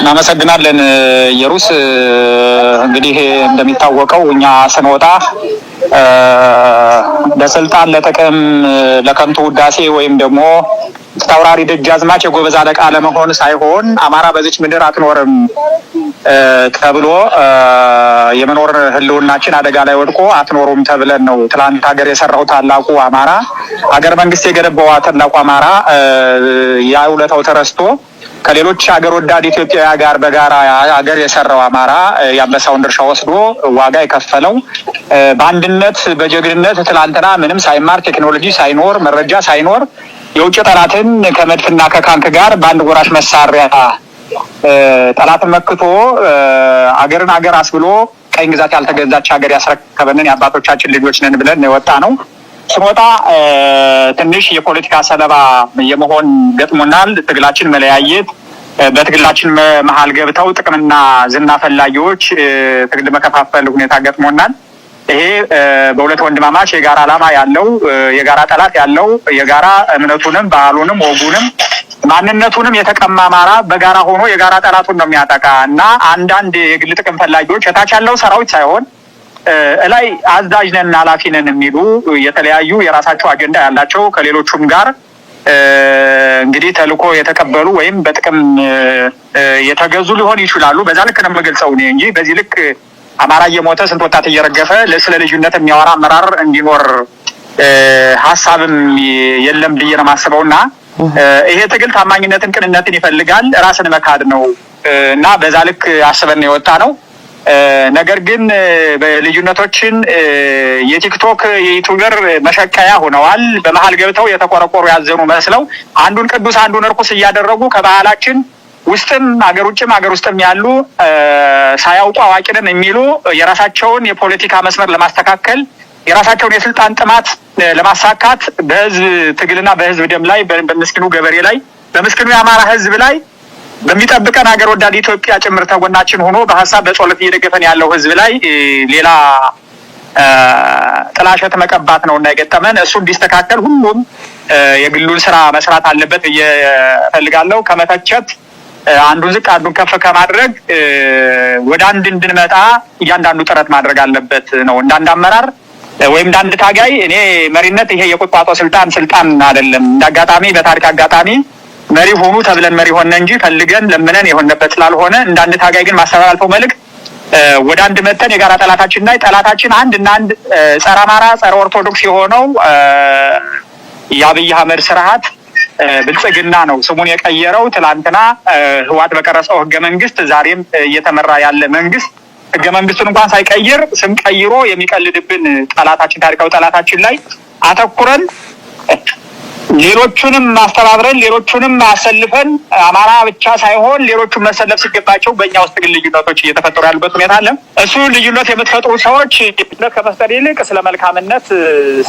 እናመሰግናለን። የሩስ እንግዲህ እንደሚታወቀው እኛ ስንወጣ ለስልጣን፣ ለጥቅም፣ ለከንቱ ውዳሴ ወይም ደግሞ ተውራሪ ደጃዝማች የጎበዝ አለቃ ለመሆን ሳይሆን አማራ በዚች ምድር አትኖርም ተብሎ የመኖር ህልውናችን አደጋ ላይ ወድቆ አትኖሩም ተብለን ነው። ትላንት ሀገር የሰራው ታላቁ አማራ ሀገር መንግስት የገነባው ታላቁ አማራ ያ ውለታው ተረስቶ ከሌሎች ሀገር ወዳድ ኢትዮጵያ ጋር በጋራ ሀገር የሰራው አማራ የአንበሳውን ድርሻ ወስዶ ዋጋ የከፈለው በአንድነት በጀግንነት ትላንትና ምንም ሳይማር ቴክኖሎጂ ሳይኖር መረጃ ሳይኖር የውጭ ጠላትን ከመድፍና ከካንክ ጋር በአንድ ጎራሽ መሳሪያ ጠላትን መክቶ አገርን አገር አስብሎ ቀኝ ግዛት ያልተገዛች ሀገር ያስረከበንን የአባቶቻችን ልጆች ነን ብለን የወጣ ነው። ስሞታ ትንሽ የፖለቲካ ሰለባ የመሆን ገጥሞናል። ትግላችን መለያየት በትግላችን መሀል ገብተው ጥቅምና ዝና ፈላጊዎች ትግል መከፋፈል ሁኔታ ገጥሞናል። ይሄ በሁለት ወንድማማች የጋራ ዓላማ ያለው የጋራ ጠላት ያለው የጋራ እምነቱንም ባህሉንም ወጉንም ማንነቱንም የተቀማ አማራ በጋራ ሆኖ የጋራ ጠላቱን ነው የሚያጠቃ እና አንዳንድ የግል ጥቅም ፈላጊዎች የታች ያለው ሰራዊት ሳይሆን እላይ አዛዥ ነን ኃላፊ ነን የሚሉ የተለያዩ የራሳቸው አጀንዳ ያላቸው ከሌሎቹም ጋር እንግዲህ ተልእኮ የተቀበሉ ወይም በጥቅም የተገዙ ሊሆን ይችላሉ። በዛ ልክ ነው የምገልጸው እኔ እንጂ በዚህ ልክ አማራ እየሞተ ስንት ወጣት እየረገፈ ስለ ልዩነት የሚያወራ አመራር እንዲኖር ሀሳብም የለም ብዬ ነው የማስበው እና ይሄ ትግል ታማኝነትን፣ ቅንነትን ይፈልጋል። ራስን መካድ ነው እና በዛ ልክ አስበን የወጣ ነው። ነገር ግን ልዩነቶችን የቲክቶክ የዩቱበር መሸከያ ሆነዋል። በመሀል ገብተው የተቆረቆሩ ያዘኑ መስለው አንዱን ቅዱስ አንዱን እርኩስ እያደረጉ ከባህላችን ውስጥም አገር ውጭም አገር ውስጥም ያሉ ሳያውቁ አዋቂንን የሚሉ የራሳቸውን የፖለቲካ መስመር ለማስተካከል የራሳቸውን የስልጣን ጥማት ለማሳካት በህዝብ ትግልና በህዝብ ደም ላይ በምስኪኑ ገበሬ ላይ በምስኪኑ የአማራ ህዝብ ላይ በሚጠብቀን ሀገር ወዳድ ኢትዮጵያ ጭምር ተጎናችን ሆኖ በሀሳብ በጸሎት እየደገፈን ያለው ህዝብ ላይ ሌላ ጥላሸት መቀባት ነው እና የገጠመን። እሱ እንዲስተካከል ሁሉም የግሉን ስራ መስራት አለበት እየፈልጋለው ከመተቸት አንዱን ዝቅ አንዱን ከፍ ከማድረግ ወደ አንድ እንድንመጣ እያንዳንዱ ጥረት ማድረግ አለበት ነው እንዳንድ አመራር ወይም እንዳንድ ታጋይ እኔ መሪነት ይሄ የቁጥቋጦ ስልጣን ስልጣን አይደለም። እንደ አጋጣሚ በታሪክ አጋጣሚ መሪ ሆኑ ተብለን መሪ ሆነ እንጂ ፈልገን ለምነን የሆነበት ስላልሆነ እንደ አንድ ታጋይ ግን ማስተላልፈው መልእክት ወደ አንድ መተን የጋራ ጠላታችን ላይ ጠላታችን አንድ እና አንድ ጸረ አማራ ጸረ ኦርቶዶክስ የሆነው የአብይ አህመድ ስርዓት ብልጽግና ነው። ስሙን የቀየረው ትላንትና ህዋት በቀረጸው ህገ መንግስት ዛሬም እየተመራ ያለ መንግስት ህገ መንግስቱን እንኳን ሳይቀይር ስም ቀይሮ የሚቀልድብን ጠላታችን ታሪካዊ ጠላታችን ላይ አተኩረን ሌሎቹንም ማስተባብረን ሌሎቹንም አሰልፈን አማራ ብቻ ሳይሆን ሌሎቹን መሰለፍ ሲገባቸው በእኛ ውስጥ ግን ልዩነቶች እየተፈጠሩ ያሉበት ሁኔታ አለ። እሱ ልዩነት የምትፈጥሩ ሰዎች ልዩነት ከመፍጠር ይልቅ ስለ መልካምነት፣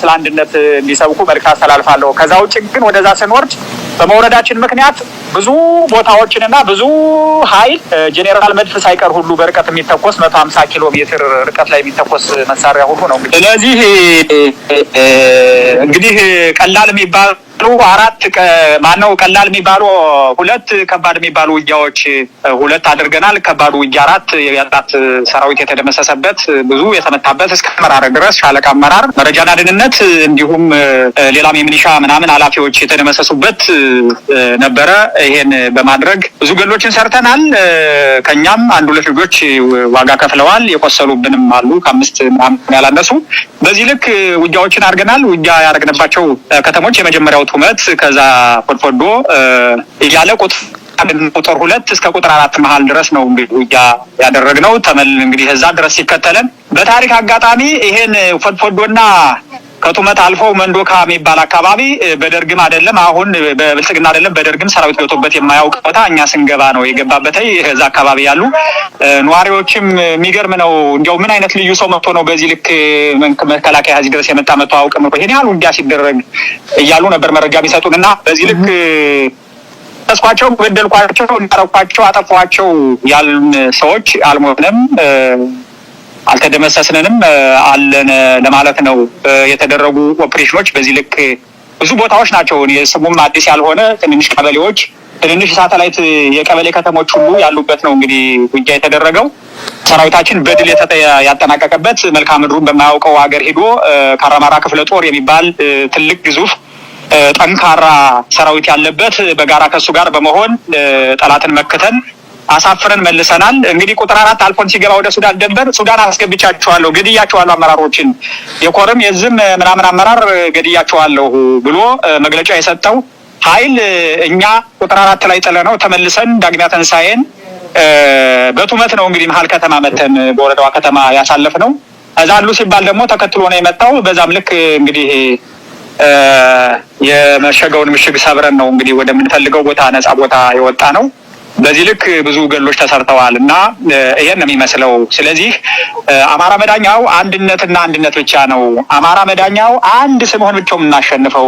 ስለ አንድነት እንዲሰብኩ መልዕክት አስተላልፋለሁ። ከዛ ውጭ ግን ወደዛ ስንወርድ በመውረዳችን ምክንያት ብዙ ቦታዎችንና ብዙ ኃይል ጄኔራል መድፍ ሳይቀር ሁሉ በርቀት የሚተኮስ መቶ ሀምሳ ኪሎ ሜትር ርቀት ላይ የሚተኮስ መሳሪያ ሁሉ ነው። ስለዚህ እንግዲህ ቀላል የሚባል ጥሩ አራት ማነው ቀላል የሚባሉ ሁለት ከባድ የሚባሉ ውጊያዎች ሁለት አድርገናል። ከባዱ ውጊያ አራት የአራት ሰራዊት የተደመሰሰበት ብዙ የተመታበት እስከ አመራር ድረስ ሻለቃ አመራር መረጃና ደህንነት እንዲሁም ሌላም የሚኒሻ ምናምን ኃላፊዎች የተደመሰሱበት ነበረ። ይሄን በማድረግ ብዙ ገሎችን ሰርተናል። ከኛም አንድ ሁለት ልጆች ዋጋ ከፍለዋል። የቆሰሉብንም አሉ ከአምስት ምናምን ያላነሱ። በዚህ ልክ ውጊያዎችን አድርገናል። ውጊያ ያደረግንባቸው ከተሞች የመጀመሪያው ቁመት ከዛ ፎድፎዶ እያለ ቁጥር ቁጥር ሁለት እስከ ቁጥር አራት መሀል ድረስ ነው እንግዲህ ውጊያ ያደረግነው። ተመል እንግዲህ እዛ ድረስ ሲከተለን በታሪክ አጋጣሚ ይሄን ፈድፈዶና ከቱመት አልፎ መንዶካ የሚባል አካባቢ በደርግም አይደለም አሁን በብልጽግና አይደለም በደርግም ሰራዊት ገብቶበት የማያውቅ ቦታ እኛ ስንገባ ነው የገባበት። እዛ አካባቢ ያሉ ነዋሪዎችም የሚገርም ነው። እንዲያው ምን አይነት ልዩ ሰው መጥቶ ነው በዚህ ልክ መከላከያ እዚህ ድረስ የመጣ መጥቶ አያውቅም እኮ ይሄን ያህል ውጊያ ሲደረግ እያሉ ነበር መረጃ የሚሰጡን እና በዚህ ልክ ተስኳቸው ገደልኳቸው፣ እንዳረኳቸው፣ አጠፏቸው ያሉን ሰዎች አልሞትንም። አልተደመሰስንንም አለን ለማለት ነው። የተደረጉ ኦፕሬሽኖች በዚህ ልክ ብዙ ቦታዎች ናቸው። ስሙም አዲስ ያልሆነ ትንንሽ ቀበሌዎች፣ ትንንሽ ሳተላይት የቀበሌ ከተሞች ሁሉ ያሉበት ነው እንግዲህ ውጊያ የተደረገው። ሰራዊታችን በድል ያጠናቀቀበት መልካም ምድሩን በማያውቀው ሀገር ሄዶ ካራማራ ክፍለ ጦር የሚባል ትልቅ ግዙፍ ጠንካራ ሰራዊት ያለበት በጋራ ከሱ ጋር በመሆን ጠላትን መክተን አሳፍረን መልሰናል። እንግዲህ ቁጥር አራት አልፎን ሲገባ ወደ ሱዳን ድንበር ሱዳን አስገብቻቸዋለሁ፣ ገድያቸዋለሁ፣ አመራሮችን የኮርም የዝም ምናምን አመራር ገድያቸዋለሁ ብሎ መግለጫ የሰጠው ኃይል እኛ ቁጥር አራት ላይ ጥለ ነው ተመልሰን ዳግሚያ ተንሳኤን በቱመት ነው እንግዲህ መሀል ከተማ መተን በወረዳዋ ከተማ ያሳለፍ ነው። እዛ አሉ ሲባል ደግሞ ተከትሎ ነው የመጣው። በዛም ልክ እንግዲህ የመሸገውን ምሽግ ሰብረን ነው እንግዲህ ወደምንፈልገው ቦታ ነፃ ቦታ የወጣ ነው። በዚህ ልክ ብዙ ገሎች ተሰርተዋል እና ይሄን ነው የሚመስለው። ስለዚህ አማራ መዳኛው አንድነትና አንድነት ብቻ ነው። አማራ መዳኛው አንድ ስንሆን ብቻው የምናሸንፈው።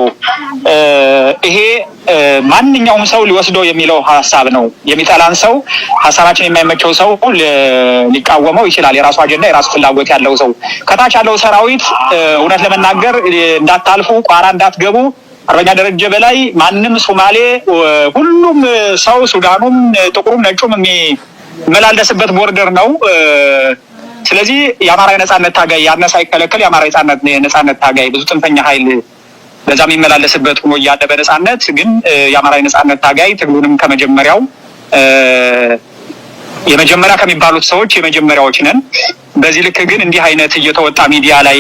ይሄ ማንኛውም ሰው ሊወስደው የሚለው ሀሳብ ነው። የሚጠላን ሰው፣ ሀሳባችን የማይመቸው ሰው ሊቃወመው ይችላል። የራሱ አጀንዳ፣ የራሱ ፍላጎት ያለው ሰው ከታች ያለው ሰራዊት እውነት ለመናገር እንዳታልፉ፣ ቋራ እንዳትገቡ አርበኛ ደረጀ በላይ ማንም ሶማሌ፣ ሁሉም ሰው ሱዳኑም፣ ጥቁሩም ነጩም የሚመላለስበት ቦርደር ነው። ስለዚህ የአማራ የነጻነት ታጋይ ያነ ሳይከለከል የአማራ የነጻነት ታጋይ ብዙ ጥንፈኛ ኃይል በዛ የሚመላለስበት ሆኖ እያለ በነጻነት ግን የአማራ የነጻነት ታጋይ ትግሉንም ከመጀመሪያው የመጀመሪያ ከሚባሉት ሰዎች የመጀመሪያዎች ነን። በዚህ ልክ ግን እንዲህ አይነት እየተወጣ ሚዲያ ላይ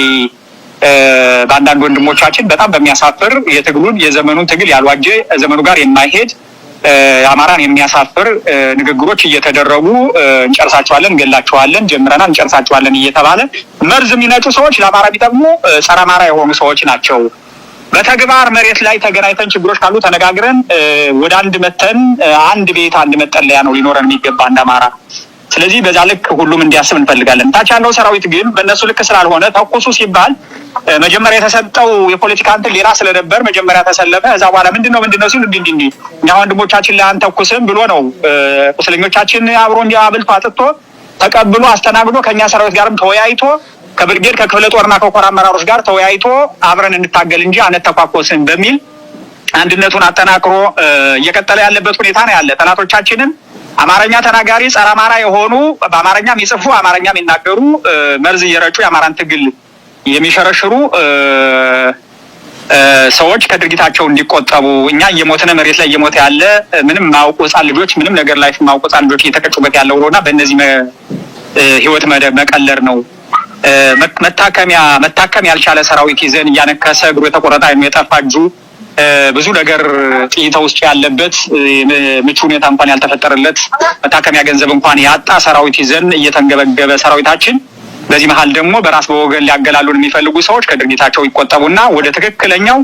በአንዳንድ ወንድሞቻችን በጣም በሚያሳፍር የትግሉን የዘመኑን ትግል ያልዋጀ ዘመኑ ጋር የማይሄድ አማራን የሚያሳፍር ንግግሮች እየተደረጉ እንጨርሳቸዋለን፣ እንገላቸዋለን፣ ጀምረናል፣ እንጨርሳቸዋለን እየተባለ መርዝ የሚነጩ ሰዎች ለአማራ ቢጠቅሙ ጸረ አማራ የሆኑ ሰዎች ናቸው። በተግባር መሬት ላይ ተገናኝተን ችግሮች ካሉ ተነጋግረን ወደ አንድ መተን አንድ ቤት አንድ መጠለያ ነው ሊኖረን የሚገባ እንደ አማራ ስለዚህ በዛ ልክ ሁሉም እንዲያስብ እንፈልጋለን። ታች ያለው ሰራዊት ግን በእነሱ ልክ ስላልሆነ ተኩሱ ሲባል መጀመሪያ የተሰጠው የፖለቲካ እንትን ሌላ ስለነበር መጀመሪያ ተሰለፈ። እዛ በኋላ ምንድነው ምንድነው ሲሉ እንዲ እንዲ እኛ ወንድሞቻችን ላይ አንተኩስም ብሎ ነው ቁስለኞቻችን አብሮ እንዲ አብልቶ አጥቶ ተቀብሎ አስተናግዶ ከእኛ ሰራዊት ጋርም ተወያይቶ ከብርጌድ ከክፍለ ጦርና ከኮር አመራሮች ጋር ተወያይቶ አብረን እንታገል እንጂ አንተኳኮስም በሚል አንድነቱን አጠናክሮ እየቀጠለ ያለበት ሁኔታ ነው ያለ ጠላቶቻችንን አማርኛ ተናጋሪ ጸረ አማራ የሆኑ በአማርኛ የሚጽፉ አማርኛ የሚናገሩ መርዝ እየረጩ የአማራን ትግል የሚሸረሽሩ ሰዎች ከድርጊታቸው እንዲቆጠቡ እኛ እየሞትነ መሬት ላይ እየሞተ ያለ ምንም ማውቁ ህጻን ልጆች ምንም ነገር ላይ ማውቁ ህጻን ልጆች እየተቀጩበት ያለው ነውና በእነዚህ ህይወት መቀለር ነው። መታከሚያ መታከም ያልቻለ ሰራዊት ይዘን እያነከሰ እግሩ የተቆረጠ አይኑ የጠፋ እጁ ብዙ ነገር ጥይታ ውስጥ ያለበት ምቹ ሁኔታ እንኳን ያልተፈጠረለት መታከሚያ ገንዘብ እንኳን ያጣ ሰራዊት ይዘን እየተንገበገበ ሰራዊታችን በዚህ መሀል ደግሞ በራስ በወገን ሊያገላሉን የሚፈልጉ ሰዎች ከድርጊታቸው ይቆጠቡና ወደ ትክክለኛው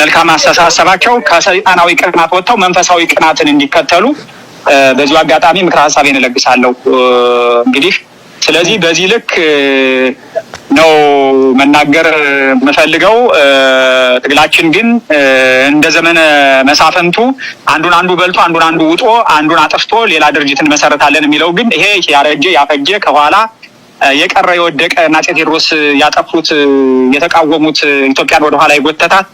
መልካም አስተሳሰባቸው ከሰይጣናዊ ቅናት ወጥተው መንፈሳዊ ቅናትን እንዲከተሉ በዚሁ አጋጣሚ ምክረ ሀሳቤን እለግሳለሁ እንግዲህ ስለዚህ በዚህ ልክ ነው መናገር የምፈልገው። ትግላችን ግን እንደ ዘመነ መሳፍንቱ አንዱን አንዱ በልቶ አንዱን አንዱ ውጦ አንዱን አጥፍቶ ሌላ ድርጅት እንመሰረታለን የሚለው ግን ይሄ ያረጀ ያፈጀ ከኋላ የቀረ የወደቀ እና አፄ ቴዎድሮስ ያጠፉት የተቃወሙት ኢትዮጵያን ወደኋላ የጎተታት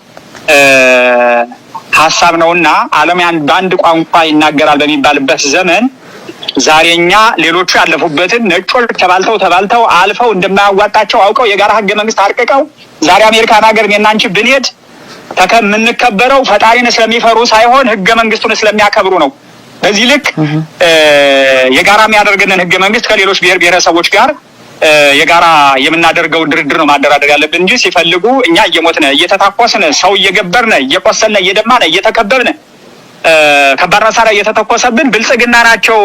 ሀሳብ ነውና ዓለም በአንድ ቋንቋ ይናገራል በሚባልበት ዘመን ዛሬኛ ሌሎቹ ያለፉበትን ነጮች ተባልተው ተባልተው አልፈው እንደማያዋጣቸው አውቀው የጋራ ህገ መንግስት አርቅቀው ዛሬ አሜሪካን ሀገር እኔና አንቺ ብንሄድ የምንከበረው ፈጣሪን ስለሚፈሩ ሳይሆን ህገ መንግስቱን ስለሚያከብሩ ነው። በዚህ ልክ የጋራ የሚያደርግንን ህገ መንግስት ከሌሎች ብሔር ብሔረሰቦች ጋር የጋራ የምናደርገውን ድርድር ነው ማደራደር ያለብን እንጂ ሲፈልጉ እኛ እየሞትነ እየተታኮስነ ሰው እየገበርነ እየቆሰልነ እየደማነ እየተከበብነ ከባድ መሳሪያ እየተተኮሰብን ብልጽግና ናቸው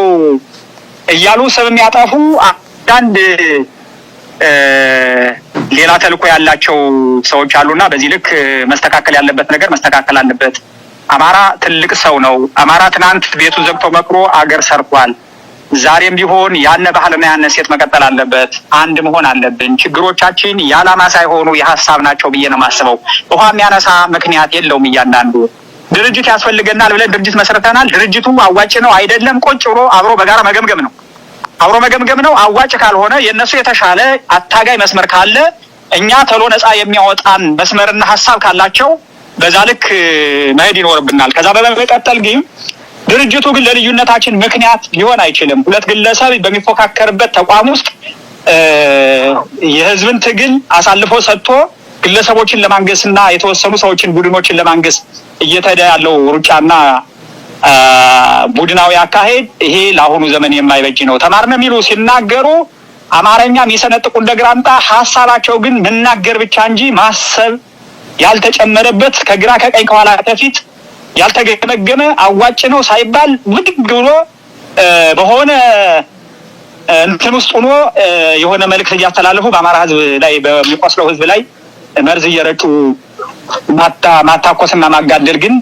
እያሉ ስም የሚያጠፉ አንዳንድ ሌላ ተልኮ ያላቸው ሰዎች አሉና በዚህ ልክ መስተካከል ያለበት ነገር መስተካከል አለበት። አማራ ትልቅ ሰው ነው። አማራ ትናንት ቤቱን ዘግቶ መክሮ አገር ሰርቷል። ዛሬም ቢሆን ያነ ባህልና ያነ ሴት መቀጠል አለበት። አንድ መሆን አለብን። ችግሮቻችን የዓላማ ሳይሆኑ የሀሳብ ናቸው ብዬ ነው የማስበው። ውሃ የሚያነሳ ምክንያት የለውም እያንዳንዱ ድርጅት ያስፈልገናል ብለን ድርጅት መስርተናል። ድርጅቱ አዋጭ ነው አይደለም፣ ቁጭ ብሎ አብሮ በጋራ መገምገም ነው። አብሮ መገምገም ነው። አዋጭ ካልሆነ የእነሱ የተሻለ አታጋይ መስመር ካለ እኛ ተሎ ነፃ የሚያወጣን መስመርና ሀሳብ ካላቸው በዛ ልክ መሄድ ይኖርብናል። ከዛ በመቀጠል ግን ድርጅቱ ግን ለልዩነታችን ምክንያት ሊሆን አይችልም። ሁለት ግለሰብ በሚፎካከርበት ተቋም ውስጥ የህዝብን ትግል አሳልፎ ሰጥቶ ግለሰቦችን ለማንገስ እና የተወሰኑ ሰዎችን ቡድኖችን ለማንገስ እየተሄደ ያለው ሩጫና ቡድናዊ አካሄድ ይሄ ለአሁኑ ዘመን የማይበጅ ነው። ተማርነ የሚሉ ሲናገሩ አማርኛ የሚሰነጥቁ እንደ ግራምጣ፣ ሀሳባቸው ግን መናገር ብቻ እንጂ ማሰብ ያልተጨመረበት ከግራ ከቀኝ ከኋላ ከፊት ያልተገመገመ አዋጭ ነው ሳይባል ብድግ ብሎ በሆነ እንትን ውስጥ ሆኖ የሆነ መልእክት እያስተላለፉ በአማራ ህዝብ ላይ በሚቆስለው ህዝብ ላይ መርዝ እየረጩ ማታ ማታኮስና ማጋደል ግን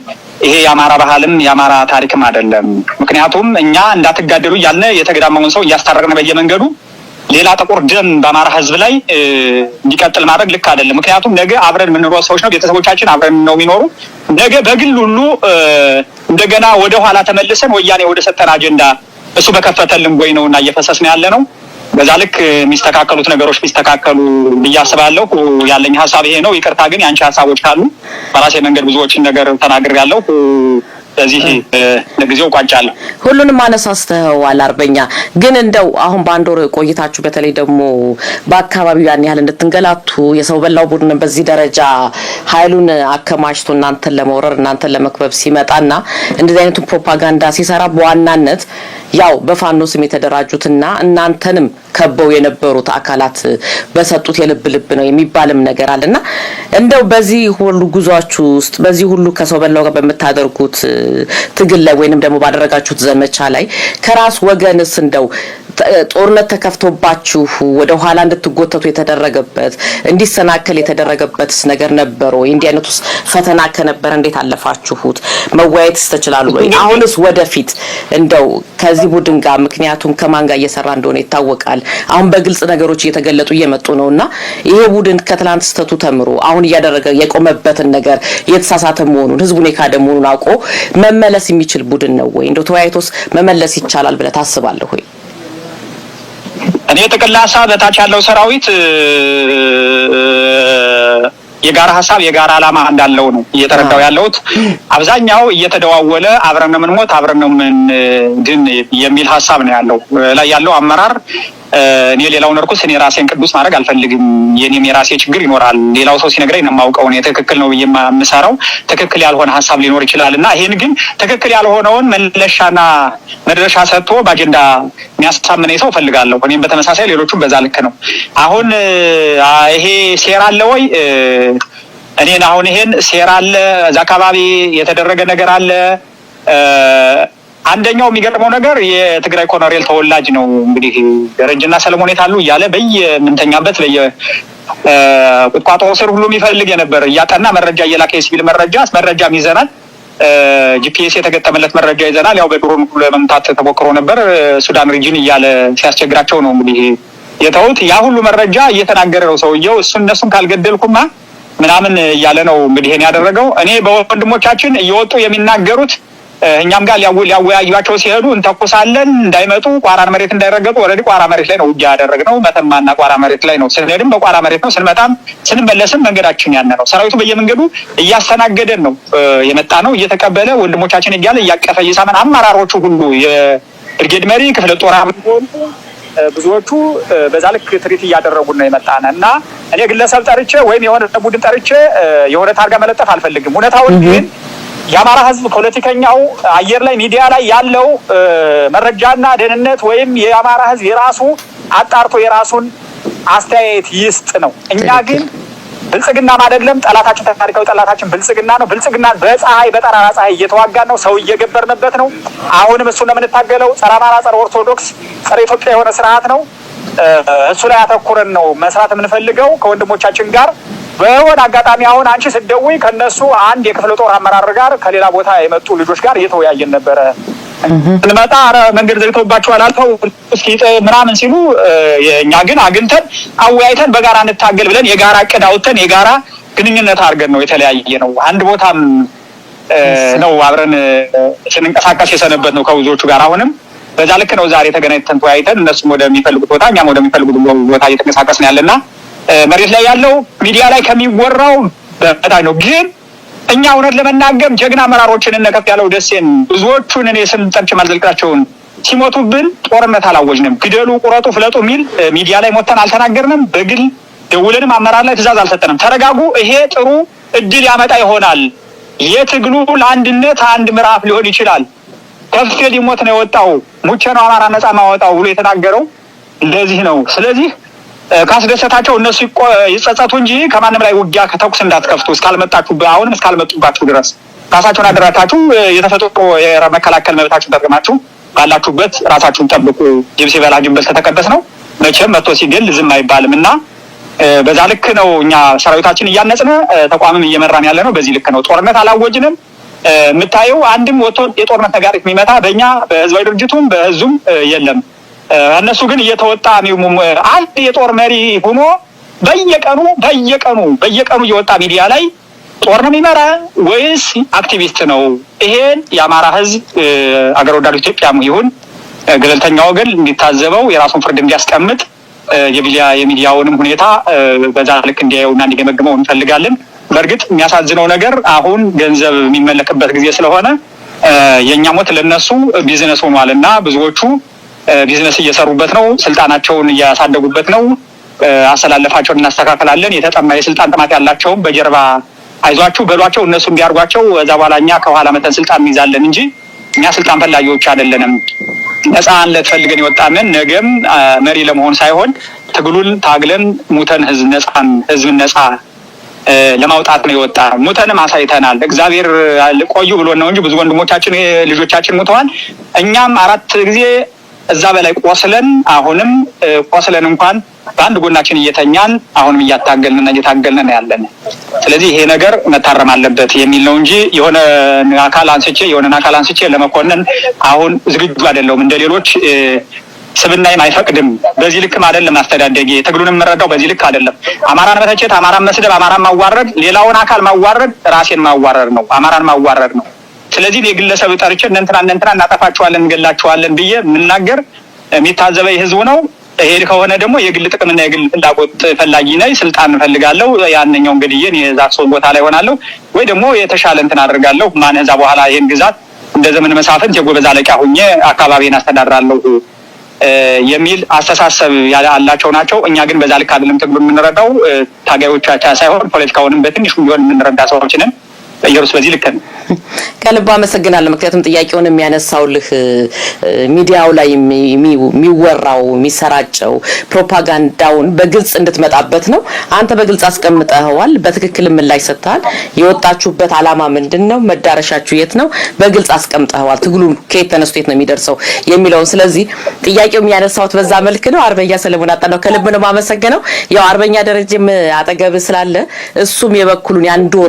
ይሄ የአማራ ባህልም የአማራ ታሪክም አይደለም። ምክንያቱም እኛ እንዳትጋደሉ እያልነ የተገዳመውን ሰው እያስታረቅን በየመንገዱ ሌላ ጥቁር ደም በአማራ ሕዝብ ላይ እንዲቀጥል ማድረግ ልክ አይደለም። ምክንያቱም ነገ አብረን የምንኖር ሰዎች ነው፣ ቤተሰቦቻችን አብረን ነው የሚኖሩ። ነገ በግል ሁሉ እንደገና ወደ ኋላ ተመልሰን ወያኔ ወደ ሰጠን አጀንዳ እሱ በከፈተልን ወይ ነው እና እየፈሰስ ነው ያለ ነው። በዛ ልክ የሚስተካከሉት ነገሮች ቢስተካከሉ ብዬ አስባለሁ። ያለኝ ሀሳብ ይሄ ነው። ይቅርታ ግን የአንቺ ሀሳቦች ካሉ በራሴ መንገድ ብዙዎችን ነገር ተናግሬያለሁ። ስለዚህ ለጊዜው ቋጫለሁ። ሁሉንም አነሳስተዋል። አርበኛ ግን እንደው አሁን በአንድ ወር ቆይታችሁ በተለይ ደግሞ በአካባቢው ያን ያህል እንድትንገላቱ የሰው በላው ቡድንን በዚህ ደረጃ ኃይሉን አከማችቶ እናንተን ለመውረር እናንተን ለመክበብ ሲመጣ ሲመጣና እንደዚህ አይነቱን ፕሮፓጋንዳ ሲሰራ በዋናነት ያው በፋኖ ስም የተደራጁትና እናንተንም ከበው የነበሩት አካላት በሰጡት የልብ ልብ ነው የሚባልም ነገር አለና እንደው በዚህ ሁሉ ጉዟችሁ ውስጥ በዚህ ሁሉ ከሰው በላው ጋር በምታደርጉት ትግል ላይ ወይንም ደግሞ ባደረጋችሁት ዘመቻ ላይ ከራስ ወገንስ እንደው ጦርነት ተከፍቶባችሁ ወደ ኋላ እንድትጎተቱ የተደረገበት እንዲሰናከል የተደረገበትስ ነገር ነበረ ወይ? እንዲህ አይነቱስ ፈተና ከነበረ እንዴት አለፋችሁት? መወያየትስ ተችላሉ ወይ? አሁንስ ወደፊት እንደው ከዚህ ቡድን ጋር ምክንያቱም ከማን ጋር እየሰራ እንደሆነ ይታወቃል። አሁን በግልጽ ነገሮች እየተገለጡ እየመጡ ነው እና ይሄ ቡድን ከትላንት ስተቱ ተምሮ አሁን እያደረገ የቆመበትን ነገር የተሳሳተ መሆኑን ህዝቡን የካደ መሆኑን አውቆ መመለስ የሚችል ቡድን ነው ወይ? እንደው ተወያይቶስ መመለስ ይቻላል ብለ ታስባለሁ ወይ? እኔ ጥቅል ሀሳብ በታች ያለው ሰራዊት የጋራ ሀሳብ የጋራ ዓላማ እንዳለው ነው እየተረዳው ያለሁት። አብዛኛው እየተደዋወለ አብረን ምን ሞት አብረን ምን ድን የሚል ሀሳብ ነው ያለው። ላይ ያለው አመራር እኔ ሌላው ነርኩስ እኔ ራሴን ቅዱስ ማድረግ አልፈልግም። የኔም የራሴ ችግር ይኖራል። ሌላው ሰው ሲነግረኝ ነው የማውቀው። እኔ ትክክል ነው ብዬ የምሰራው ትክክል ያልሆነ ሀሳብ ሊኖር ይችላል እና ይህን ግን ትክክል ያልሆነውን መለሻና መድረሻ ሰጥቶ በአጀንዳ የሚያሳምነኝ ሰው እፈልጋለሁ። እኔም በተመሳሳይ ሌሎቹም በዛ ልክ ነው። አሁን ይሄ ሴራ አለ ወይ? እኔን አሁን ይሄን ሴራ አለ፣ እዛ አካባቢ የተደረገ ነገር አለ አንደኛው የሚገርመው ነገር የትግራይ ኮሎኔል ተወላጅ ነው። እንግዲህ ደረጀና ሰለሞን የት አሉ እያለ በየምንተኛበት በየ ቁጥቋጦ ስር ሁሉ የሚፈልግ የነበር እያጠና መረጃ እየላከ የሲቪል መረጃ መረጃም ይዘናል። ጂፒኤስ የተገጠመለት መረጃ ይዘናል። ያው በድሮን ለመምታት ተሞክሮ ነበር ሱዳን ሪጅን እያለ ሲያስቸግራቸው ነው እንግዲህ የተውት። ያ ሁሉ መረጃ እየተናገረ ነው ሰውየው። እሱ እነሱን ካልገደልኩማ ምናምን እያለ ነው እንግዲህ ያደረገው። እኔ በወንድሞቻችን እየወጡ የሚናገሩት እኛም ጋር ሊያወያዩቸው ሲሄዱ እንተኩሳለን እንዳይመጡ ቋራን መሬት እንዳይረገጡ ወረዲ ቋራ መሬት ላይ ነው ውጊያ ነው። መተማና ቋራ መሬት ላይ ነው። ስንሄድም በቋራ መሬት ነው፣ ስንመጣም ስንመለስም መንገዳችን ያነ ነው። ሰራዊቱ በየመንገዱ እያስተናገደን ነው የመጣ ነው፣ እየተቀበለ ወንድሞቻችን እያለ እያቀፈ እየሳመን፣ አመራሮቹ ሁሉ የብርጌድ መሪ ክፍለ ጦር ብዙዎቹ በዛ ልክ ትሪት እያደረጉ ነው የመጣነ እና እኔ ግለሰብ ጠርቼ ወይም የሆነ ቡድን ጠርቼ የሆነ ታርጋ መለጠፍ አልፈልግም። እውነታውን ግን የአማራ ህዝብ ፖለቲከኛው አየር ላይ ሚዲያ ላይ ያለው መረጃና ደህንነት ወይም የአማራ ህዝብ የራሱ አጣርቶ የራሱን አስተያየት ይስጥ ነው። እኛ ግን ብልጽግናም አይደለም ጠላታችን፣ ታሪካዊ ጠላታችን ብልጽግና ነው። ብልጽግና በፀሐይ በጠራራ ፀሐይ እየተዋጋ ነው። ሰው እየገበርንበት ነው። አሁንም እሱን ለምንታገለው ጸረ አማራ፣ ጸረ ኦርቶዶክስ፣ ጸረ ኢትዮጵያ የሆነ ስርዓት ነው። እሱ ላይ አተኩረን ነው መስራት የምንፈልገው ከወንድሞቻችን ጋር በሆነ አጋጣሚ አሁን አንቺ ስትደውይ ከነሱ አንድ የክፍለ ጦር አመራር ጋር ከሌላ ቦታ የመጡ ልጆች ጋር እየተወያየን ነበረ። ስንመጣ ረ መንገድ ዘግተውባቸዋል አልፈው እስኪ ምናምን ሲሉ እኛ ግን አግኝተን አወያይተን በጋራ እንታገል ብለን የጋራ እቅድ አውጥተን የጋራ ግንኙነት አድርገን ነው የተለያየ ነው። አንድ ቦታም ነው አብረን ስንንቀሳቀስ የሰነበት ነው ከብዙዎቹ ጋር አሁንም በዛ ልክ ነው። ዛሬ ተገናኝተን ተወያይተን እነሱም ወደሚፈልጉት ቦታ እኛም ወደሚፈልጉት ቦታ እየተንቀሳቀስን ያለና መሬት ላይ ያለው ሚዲያ ላይ ከሚወራው በታች ነው። ግን እኛ እውነት ለመናገር ጀግና አመራሮችን እነከፍ ያለው ደሴን ብዙዎቹን እኔ ስም ጠርቼ ማልዘልቃቸውን ሲሞቱብን ጦርነት አላወጅንም። ግደሉ፣ ቁረጡ፣ ፍለጡ የሚል ሚዲያ ላይ ሞተን አልተናገርንም። በግል ደውለንም አመራር ላይ ትእዛዝ አልሰጠንም። ተረጋጉ፣ ይሄ ጥሩ እድል ያመጣ ይሆናል። የትግሉ ለአንድነት አንድ ምዕራፍ ሊሆን ይችላል። ከፍቴ ሊሞት ነው የወጣው ሙቸ ነው አማራ ነጻ ማወጣው ብሎ የተናገረው ለዚህ ነው። ስለዚህ ካስደሰታቸው እነሱ ይጸጸቱ እንጂ ከማንም ላይ ውጊያ ከተኩስ እንዳትከፍቱ እስካልመጣችሁ፣ አሁንም እስካልመጡባችሁ ድረስ ራሳችሁን አደራታችሁ የተፈጥሮ መከላከል መብታችሁን ተጠቅማችሁ ባላችሁበት ራሳችሁን ጠብቁ። ጅብ ሲበላ ጅንብል ከተቀበስ ነው። መቼም መጥቶ ሲገል ዝም አይባልም እና በዛ ልክ ነው እኛ ሰራዊታችን እያነጽነ ተቋምም እየመራን ያለ ነው። በዚህ ልክ ነው። ጦርነት አላወጅንም። የምታየው አንድም ወጥቶ የጦርነት ነጋሪት የሚመታ በእኛ በህዝባዊ ድርጅቱም በህዙም የለም። እነሱ ግን እየተወጣ አንድ የጦር መሪ ሆኖ በየቀኑ በየቀኑ በየቀኑ እየወጣ ሚዲያ ላይ ጦር ነው የሚመራ ወይስ አክቲቪስት ነው? ይሄን የአማራ ህዝብ አገር ወዳዱ ኢትዮጵያም ይሁን ገለልተኛ ወገን እንዲታዘበው የራሱን ፍርድ እንዲያስቀምጥ የሚዲያውንም ሁኔታ በዛ ልክ እንዲያየውና እንዲገመግመው እንፈልጋለን። በእርግጥ የሚያሳዝነው ነገር አሁን ገንዘብ የሚመለክበት ጊዜ ስለሆነ የእኛ ሞት ለነሱ ቢዝነስ ሆኗል እና ብዙዎቹ ቢዝነስ እየሰሩበት ነው፣ ስልጣናቸውን እያሳደጉበት ነው። አሰላለፋቸውን እናስተካከላለን። የተጠማ የስልጣን ጥማት ያላቸውም በጀርባ አይዟችሁ በሏቸው፣ እነሱ ቢያርጓቸው እዛ በኋላ እኛ ከኋላ መጠን ስልጣን እንይዛለን እንጂ እኛ ስልጣን ፈላጊዎች አይደለንም። ነፃን ለትፈልገን የወጣንን ነገም መሪ ለመሆን ሳይሆን ትግሉን ታግለን ሙተን ህዝብ ነፃን ህዝብን ነፃ ለማውጣት ነው የወጣ ነው። ሙተንም አሳይተናል። እግዚአብሔር ቆዩ ብሎ ነው እንጂ ብዙ ወንድሞቻችን ልጆቻችን ሙተዋል። እኛም አራት ጊዜ እዛ በላይ ቆስለን አሁንም ቆስለን እንኳን በአንድ ጎናችን እየተኛን አሁንም እያታገልንና እየታገልን ነው ያለን። ስለዚህ ይሄ ነገር መታረም አለበት የሚል ነው እንጂ የሆነ አካል አንስቼ የሆነን አካል አንስቼ ለመኮንን አሁን ዝግጁ አይደለሁም። እንደ ሌሎች ስብናይም አይፈቅድም። በዚህ ልክም አይደለም አስተዳደጌ። ትግሉን የምረዳው በዚህ ልክ አይደለም። አማራን መተቸት፣ አማራን መስደብ፣ አማራን ማዋረድ፣ ሌላውን አካል ማዋረድ ራሴን ማዋረድ ነው። አማራን ማዋረድ ነው። ስለዚህ የግለሰብ ጠርቼ እነንትና እነንትና እናጠፋችኋለን እንገላችኋለን ብዬ የምናገር የሚታዘበ ህዝቡ ነው። ይሄ ከሆነ ደግሞ የግል ጥቅምና የግል ፍላጎት ፈላጊ ነኝ፣ ስልጣን እንፈልጋለሁ፣ ያነኛው እንግዲህ የዛ ሰው ቦታ ላይ ሆናለሁ ወይ ደግሞ የተሻለ እንትን አደርጋለሁ። ማን ከዛ በኋላ ይህን ግዛት እንደ ዘመን መሳፍንት የጎበዝ አለቃ ሁኜ አካባቢን አስተዳድራለሁ የሚል አስተሳሰብ ያላቸው ናቸው። እኛ ግን በዛ ልክ አይደለም ትግሉ የምንረዳው። ታጋዮቻቻ ሳይሆን ፖለቲካውንም በትንሹ ቢሆን የምንረዳ ሰዎችንን ጠየሩስ በዚህ ልክ ነው። ከልብ አመሰግናለሁ። ምክንያቱም ጥያቄውን የሚያነሳውልህ ሚዲያው ላይ የሚወራው የሚሰራጨው ፕሮፓጋንዳውን በግልጽ እንድትመጣበት ነው። አንተ በግልጽ አስቀምጠኸዋል፣ በትክክል ምላሽ ሰጥተሃል። የወጣችሁበት አላማ ምንድን ነው? መዳረሻችሁ የት ነው? በግልጽ አስቀምጠኸዋል። ትግሉ ከየት ተነስቶ የት ነው የሚደርሰው የሚለውን። ስለዚህ ጥያቄው የሚያነሳውት በዛ መልክ ነው። አርበኛ ሰለሞን አጣናው ከልብ ነው የማመሰግነው። ያው አርበኛ ደረጀም አጠገብ ስላለ እሱም የበኩሉን ያንድ ወር